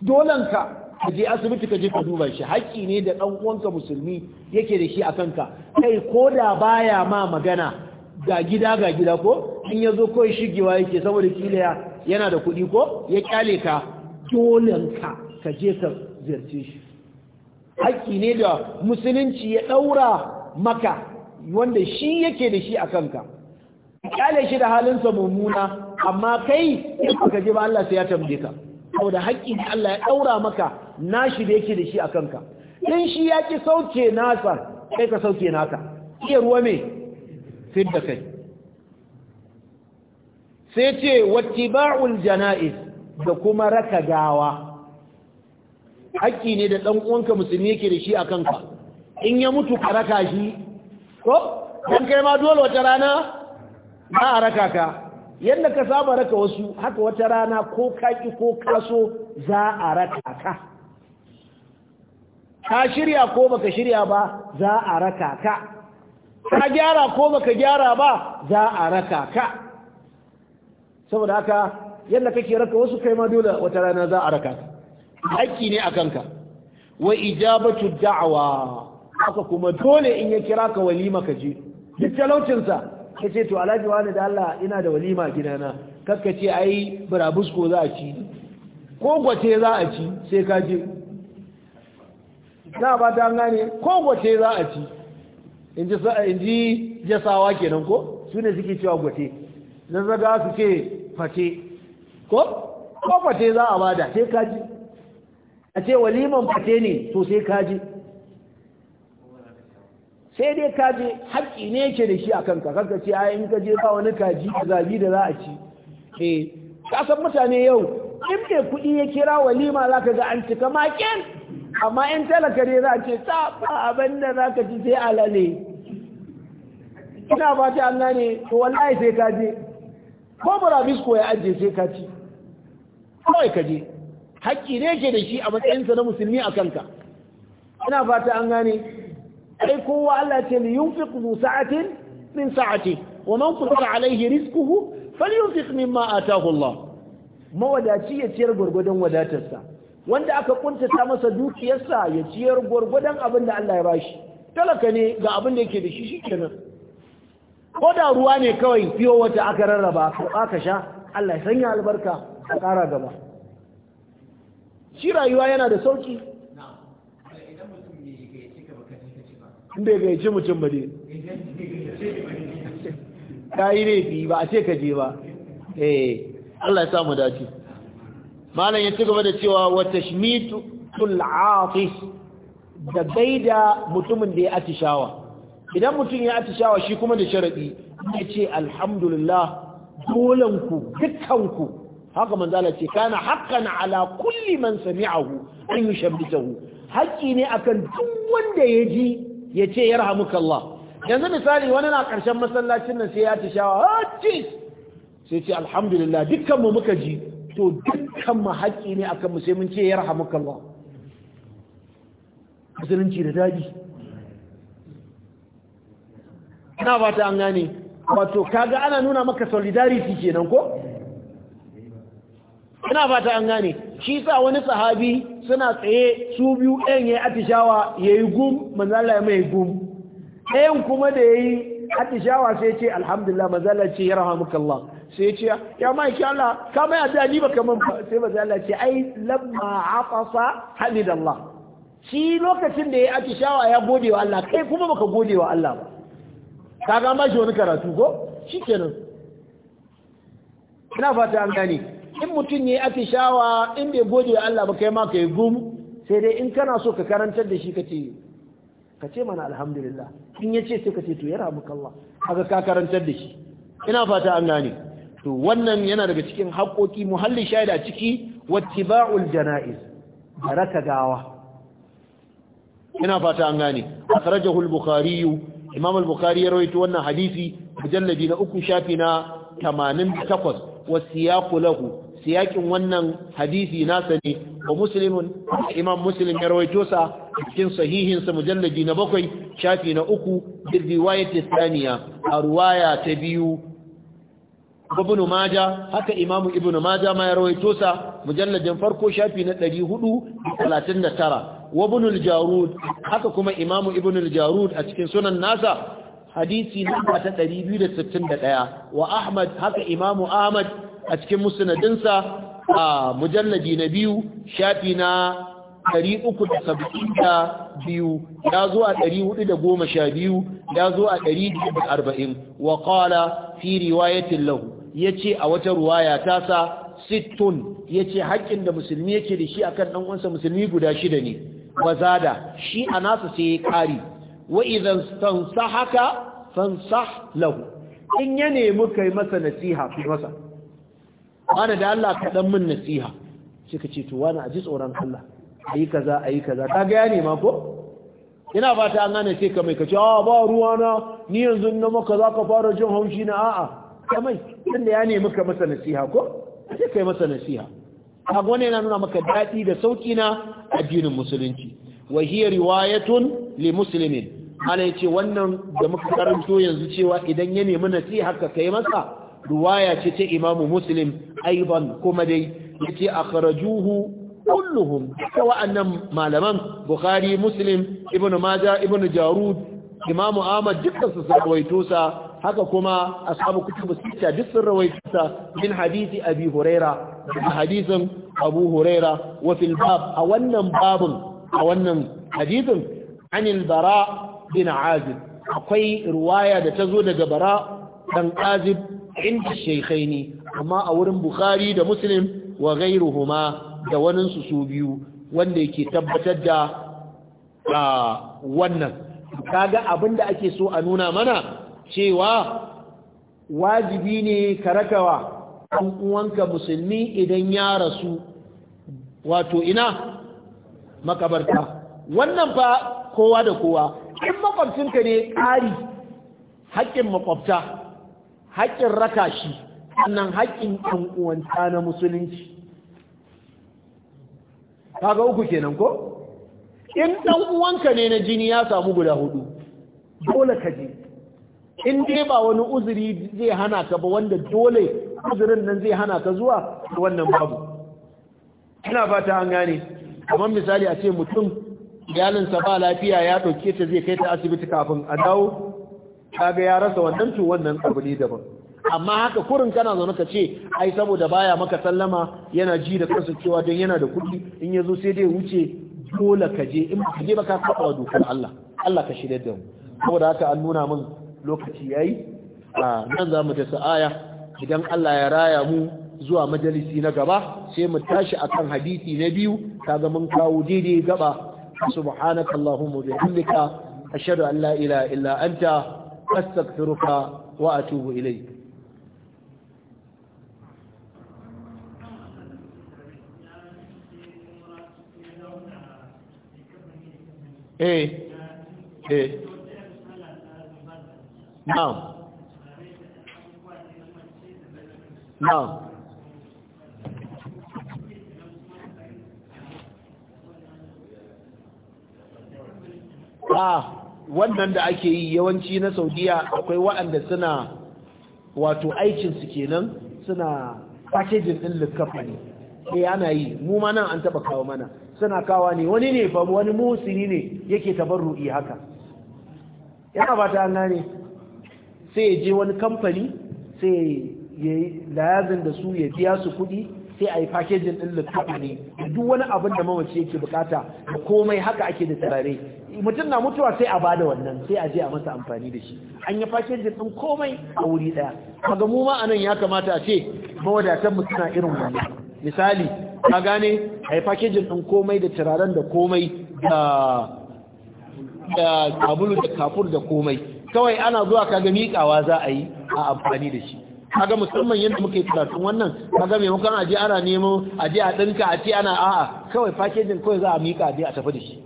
dolan ka ka je asibiti ka je ka duba shi haƙƙi ne da ɗan uwanka musulmi yake da shi a kanka kai ko da baya ma magana ga gida ga gida ko in ya zo kawai shigewa yake saboda kila yana da kuɗi ko ya ƙyale ka dole ka ka je ka ziyarce shi haƙƙi ne da musulunci ya ɗaura maka wanda shi yake da shi a kanka kyale shi da halinsa mummuna amma kai in ka ji ba Allah sai ya tambaye ka da haƙƙi ne Allah ya ɗaura maka nashi da yake da shi a kanka in shi ya ƙi sauke nasa kai ka sauke naka iya ruwa mai fit da kai sai ce Ba'ul jana'iz da kuma raka gawa haƙƙi ne da ɗan uwanka musulmi yake da shi a kanka in ya mutu ka raka shi ko ɗan kai ma dole wata rana ba a raka ka yadda ka saba raka wasu haka wata rana ko kaƙi ko kaso za a raka ka ka shirya ko baka shirya ba za a raka ka ka gyara ko baka gyara ba za a raka ka saboda haka yadda kake raka wasu kai ma dole wata rana za a raka ka haƙƙi ne a kanka wa ijabatu da'awa haka kuma dole in ya kira ka walima ka je duk talaucinsa ka ce to alhaji wani da Allah ina da walima gidana kakka ce ai burabusko za a ci ko gwace za a ci sai ka je na ba ta gane ko gwace za a ci in ji jasawa kenan ko su ne suke cewa gwace zan zaga su ce fate ko ko fate za a bada sai ka je a ce waliman fate ne to sai kaji sai dai kaji haƙƙi ne yake da shi a kanka kanka ce a in ka ba wani kaji a zabi da za a ci eh kasan mutane yau in ne kuɗi ya kira walima za ka ga an cika makin amma in talaka ne za a ce ta ba abin da za ka ci sai alale ina ba ta an gane to wallahi sai kaje ko bisko ya ajiye sai ka ci kawai kaje haƙƙi ne ke da shi a matsayinsa na musulmi a kanka ina fata an gane ai kowa Allah ce li yunfiq zu sa'atin min sa'ati wa man qadara alaihi rizquhu falyunfiq mimma ataahu Allah mawadaci ya ciyar gurgudan wadatarsa wanda aka kuntata masa dukiyarsa ya ciyar gurgudan abin da Allah ya bashi talaka ne ga abin da yake da shi shikenan ko da ruwa ne kawai fiyo wata aka rarraba aka sha Allah ya sanya albarka a ƙara gaba shi rayuwa yana da sauki bai gayyace mutum ba dai ka yi laifi ba a ce ka je ba eh Allah ya sa mu dace malam ya ci gaba da cewa wa tashmitu atis da gaida mutumin da ya atishawa idan mutum ya atishawa shi kuma da sharadi ya ce alhamdulillah dolan ku, dukkan ku. haka manzala ce kana haqqan ala kulli man sami'ahu an yi yushabbitahu haƙƙi ne akan duk wanda ya ji ya ce yarhamuka Allah yanzu misali wani na ƙarshen masallacin nan sai ya ci shawa hajji ah, sai ce alhamdulillah dukkan mu muka ji to dukkan mu haƙƙi ne akan mu sai mun ce yarhamuka Allah musulunci da daji ina ba ta an gane wato kaga ana nuna maka solidarity kenan ko ina fata an gane shi sa wani sahabi suna tsaye su biyu ɗayan ya yi atishawa ya yi gum manzala mai gum ɗayan kuma da ya yi atishawa sai ce alhamdulillah manzala ce ya raha muka Allah sai ce ya ma ki Allah ka mai addu'a ni baka man sai manzala ce ai lamma afasa allah shi lokacin da ya yi atishawa ya gode wa Allah kai kuma baka gode wa Allah ba ka ga ma shi wani karatu ko shi kenan ina fata an gane in mutum ya atishawa in bai gode Allah ba kai ma ka yi gum sai dai in kana so ka karantar da shi ka ce ka ce mana alhamdulillah in ya ce sai ka ce to yana muka Allah haka ka karantar da shi ina fata an gane to wannan yana daga cikin haƙoƙi muhalli shaida ciki wattiba'ul jana'iz raka gawa ina fata an gane akhrajahu al-bukhari imam al-bukhari ya rawaito wannan hadisi mujalladi na uku shafi na 88 wasiyaqu lahu siyakin wannan hadisi nasa ne wa muslimun imam muslim ya rawaito sa cikin sahihinsa sa mujallaji na bakwai shafi na uku bir riwayat a ruwaya ta biyu ibn maja haka imamu ibn maja ma ya rawaito sa mujalladin farko shafi na 439 wa ibn al-jarud haka kuma imamu ibn al-jarud a cikin sunan nasa hadisi namba 261 wa ahmad haka imamu ahmad a cikin musnadinsa a mujalladi na biyu shafi na 372 ya zo a 412 ya zo a 140 wa qala fi riwayatin lahu yace a wata ruwaya ta sa sittun yace haƙƙin da musulmi yake da shi akan dan uwansa musulmi guda shida ne wazada shi a nasa sai ya kari wa idan stansahaka fansah lahu in ya nemi kai masa nasiha fi masa wani da Allah ka dan min nasiha shi ka ce to wani a ji tsoron Allah ayi kaza ayi kaza ka ga ne ma ko ina fata an gane sai ka mai ka ce a ah, ba ruwa na ni yanzu na maka za ka fara jin haushi na a'a ka mai tunda ya nemi ka masa nasiha ko sai kai masa nasiha kaga wannan yana nuna maka daɗi da sauki na addinin musulunci wa hiya riwayatun li muslimin ana ce wannan da muka karanto yanzu cewa idan ya nemi nasiha ka kai masa ruwaya ce ta imamu muslim aiban kuma dai yace akhrajuhu kulluhum ta wa'annan malaman bukhari muslim ibnu maja ibnu jarud imamu ahmad dukkan su rawaito sa haka kuma ashabu kutubu sita duk sun rawaito sa min hadisi abi huraira hadisin abu huraira wa fil bab a wannan babin a wannan hadisin anil bara bin azib akwai ruwaya da ta zo daga bara dan azib inda ne. amma a wurin bukhari da muslim wa ghayruhuma da wanin su biyu wanda yake tabbatar da wannan kaga abinda ake so a nuna mana cewa wajibi ne karakawa ɗan uwanka musulmi idan ya rasu wato ina makabarta wannan fa kowa da kowa in makwabcinka ne ƙari haƙƙin makwabta haƙƙin raka shi sannan haƙƙin ɗan uwanta na musulunci kaga uku kenan ko in ɗan uwanka ne na jini ya samu guda hudu dole ka je in dai ba wani uzuri zai hana ka ba wanda dole uzurin nan zai hana ka zuwa wannan babu ina fata an gane kamar misali a ce mutum iyalinsa ba lafiya ya ɗauke ta zai kai ta asibiti kafin a dawo kaga ya rasa wannan to wannan abu ne daban amma haka kurin kana zaune ka ce ai saboda baya maka sallama yana ji da kansa cewa don yana da kuɗi in ya zo sai dai wuce dole ka je in ka je ba ka kafa dokar Allah Allah ka shirya da mu saboda haka an nuna min lokaci yayi a nan za mu dasa aya idan Allah ya raya mu zuwa majalisi na gaba sai mu tashi akan hadisi na biyu kaga mun kawo daidai gaba subhanakallahumma wa bihamdika ashhadu an la ilaha illa anta astaghfiruka wa atubu ilayk eh eh na'am na'am wannan da ake yi yawanci na saudiya akwai waɗanda suna wato aikinsu kenan suna packaging ɗin likkafa ne eh, ana yi mu ma nan an taɓa kawo mana suna kawa ne wani ne ba wani musini ne yake tabarru'i haka yana ba ta gane sai ya je wani kamfani sai ya yi layazin da su ya biya su kuɗi sai a yi fakejin ɗin littafi ne duk wani abin da mamaci yake bukata da komai haka ake da tarare mutum na mutuwa sai a bada wannan sai a je a masa amfani da shi an yi fakejin ɗin komai a wuri ɗaya kaga mu ma anan ya kamata a ce mawadatan mu suna irin wannan misali ka gane a yi fakejin ɗin komai da turaren da komai da da da kafur da komai kawai ana zuwa kaga miƙawa za a yi a amfani da shi kaga musamman yadda muke karatun wannan kaga maimakon aje ana nemo aje a dinka a ce ana a'a kawai fakejin kawai za a mika aje a tafi da shi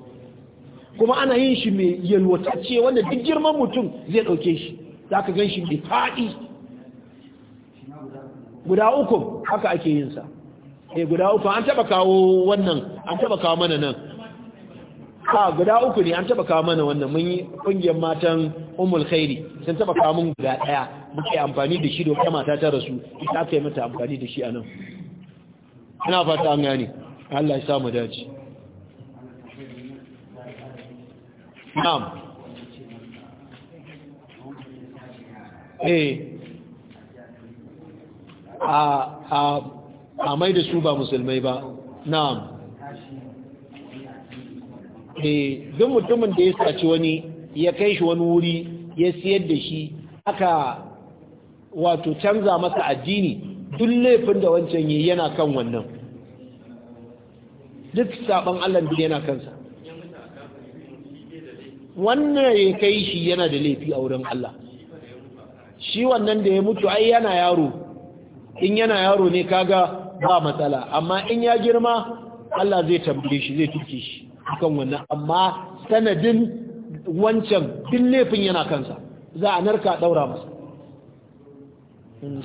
kuma ana yin shi mai yalwatacce wanda duk girman mutum zai ɗauke shi za ka gan shi mai faɗi guda uku haka ake yin eh guda uku an taba kawo wannan an taba kawo mana nan a guda uku ne an taba kawo mana wannan mun yi kungiyar matan umul khairi sun taba kawo mun guda daya muke amfani da shi da wata mata ta rasu ita aka yi mata amfani da shi a nan ina fata an gani. Allah ya sa mu dace na'am eh a a a mai da su ba musulmai ba na'am Eh, duk mutumin da ya saci wani ya kai shi wani wuri ya siyar da shi aka wato canza masa addini duk laifin da wancan yi yana kan wannan duk saban Allah duk yana kansa wannan ya kai shi yana da laifi a wurin Allah shi wannan da ya mutu ai yana yaro in yana yaro ne kaga ba matsala amma in ya girma Allah zai tambaye shi zai tuke shi akan wannan amma sanadin wancan duk laifin yana kansa za a narka daura masa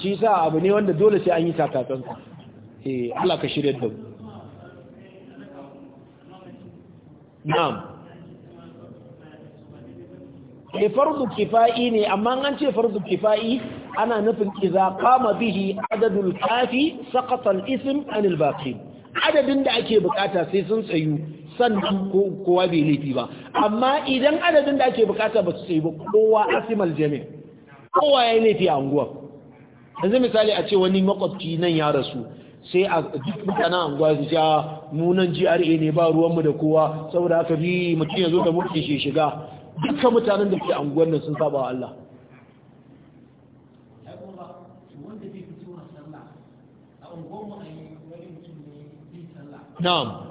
shi sa abu ne wanda dole sai an yi takakansa eh Allah ka shirye da na'am e fardu kifa'i ne amma an ce fardu kifa'i ana nufin idza qama bihi adadul kafi saqata al-ism 'an al-baqi adadin da ake bukata sai sun tsayu sannan kowa bai laifi ba amma idan adadin da ake bukata ba su sai ba kowa asimal jami kowa ya yi laifi a unguwa yanzu misali a ce wani makwabci nan ya rasu sai a duk mutanen unguwa su ja ah, nunan GRA ne ba ruwan mu da kowa saboda haka bi mutum ya zo da mutum shi shiga duka mutanen da ke unguwar nan sun saba a Allah na'am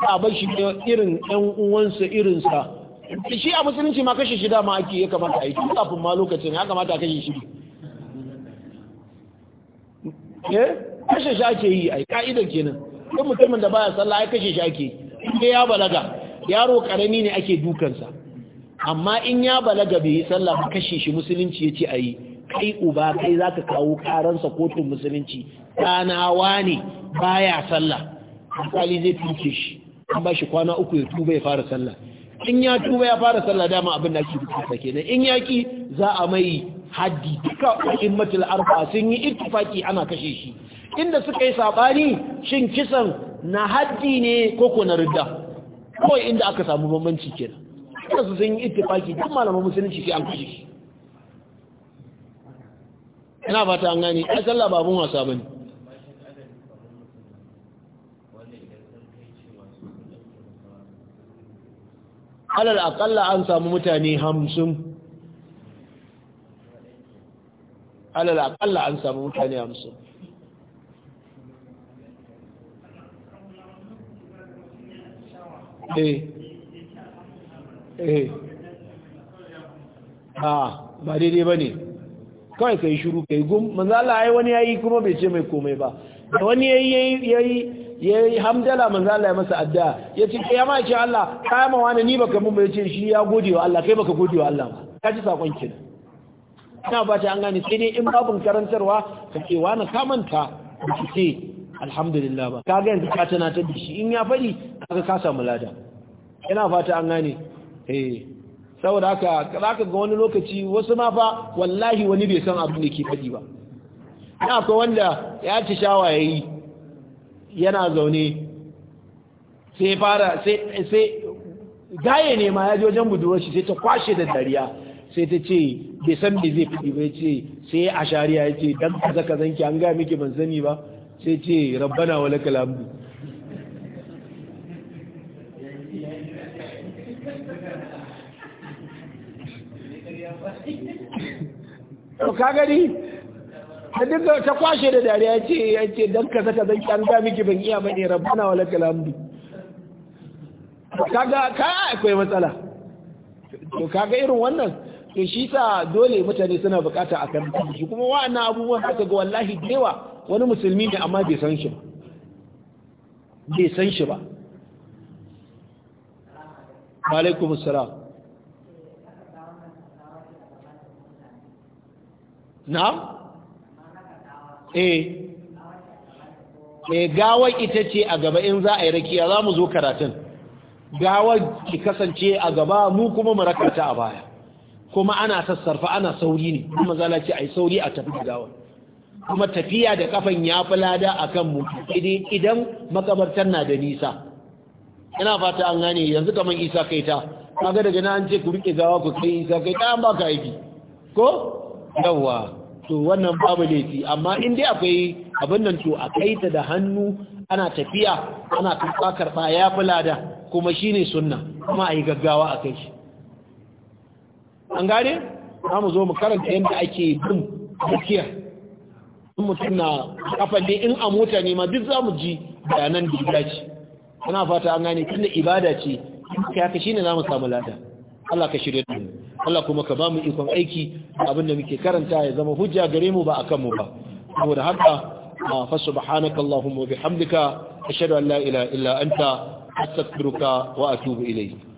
ba bar shi ne irin ɗan uwansa irin sa shi a musulunci ma kashe shi dama ake ya kamata a yi tun kafin ma lokacin ya kamata a kashe shi ne. Eh? kashe shi ake yi a yi ka'idar kenan duk mutumin da baya sallah ai kashe shi ake yi ya balaga yaro karami ne ake dukansa amma in ya balaga bai yi sallah ba kashe shi musulunci ya ce a yi kai uba kai za ka kawo karansa kotun musulunci ɗanawa ne baya sallah misali zai tuke shi an ba shi kwana uku ya tuba ya fara sallah in ya tuba ya fara sallah dama abin da ake bukata kenan in yaki za a mai haddi duka ummatul arba sun yi ittifaki ana kashe shi inda suka yi sabani shin kisan na haddi ne ko ko na ridda kawai inda aka samu bambanci kenan kuma su sun yi ittifaki duk malaman musulunci sai an kashe shi ina fata an gani ai sallah babun wasa bane alal akalla an samu mutane hamsin alal akalla an samu mutane hamsin eh eh ha ba daidai ba ne kawai ka yi shuru ka yi gum manzala ya yi wani ya yi kuma bai ce mai komai ba da wani ya yi ya yi hamdala manzo Allah ya masa addu'a ya ce kai ma ce Allah kai ma wani ni baka mun ba ya ce shi ya gode wa Allah kai baka gode wa Allah ba ka ji sakon kin ina ba ta an gane sai dai in babun karantarwa ka ce wani kamanta ki ce alhamdulillah ba ka ga yanzu ka tana da shi in ya fadi kaga ka samu lada ina fata an gane eh saboda haka zaka ga wani lokaci wasu ma fa wallahi wani bai san abin da ke fadi ba ina akwai wanda ya ci shawaye yi yana zaune sai fara sai gaye ne ma ya ji wajen budurwar shi sai ta kwashe da dariya sai ta ce bai san me zai fi bai ce sai a shari'a ya ce dan kaza kazan ki an gaya miki ban sani ba sai ce rabbana wa lakal hamdu ta ta kwashe da dariya ce ya ce dan ka kaza zan an ga miki ban iya bane rabbana wa lakal kaga ka akwai matsala to kaga irin wannan to shi sa dole mutane suna bukata a kan shi kuma wa'annan abubuwan haka ga wallahi dewa wani musulmi ne amma bai san shi ba bai san shi ba alaikum assalam na'am eh eh gawar ita ce a gaba in za a yi rakiya za mu zo karatun gawar ki kasance a gaba mu kuma mu rakata a baya kuma ana sassarfa ana sauri ne kuma zala ce a yi sauri a tafi da gawar kuma tafiya da kafan ya fi lada a kan mu idan makabartar na da nisa ina fata an gane yanzu kamar isa kai ta kaga daga na an ce ku rike gawa ku kai isa kai ta an baka aiki ko yawwa to wannan babu laifi amma in dai akwai abin nan to a kai ta da hannu ana tafiya ana karɓa karba ya fi lada kuma shine sunna kuma a yi gaggawa a kai shi an gane za mu zo mu karanta yadda ake bin dukiyar in mutum na dai in a mota ne ma duk za mu ji bayanan dubla ce ana fata an gane tunda ibada ce shi shine za mu samu lada Allah ka shirye mu Allah kuma ka bamu mu ikon aiki abin da muke karanta ya zama hujja gare mu ba akan mu ba saboda haka fa subhanaka allahumma bihamdika ashhadu an la ilaha illa anta astaghfiruka wa atubu ilayk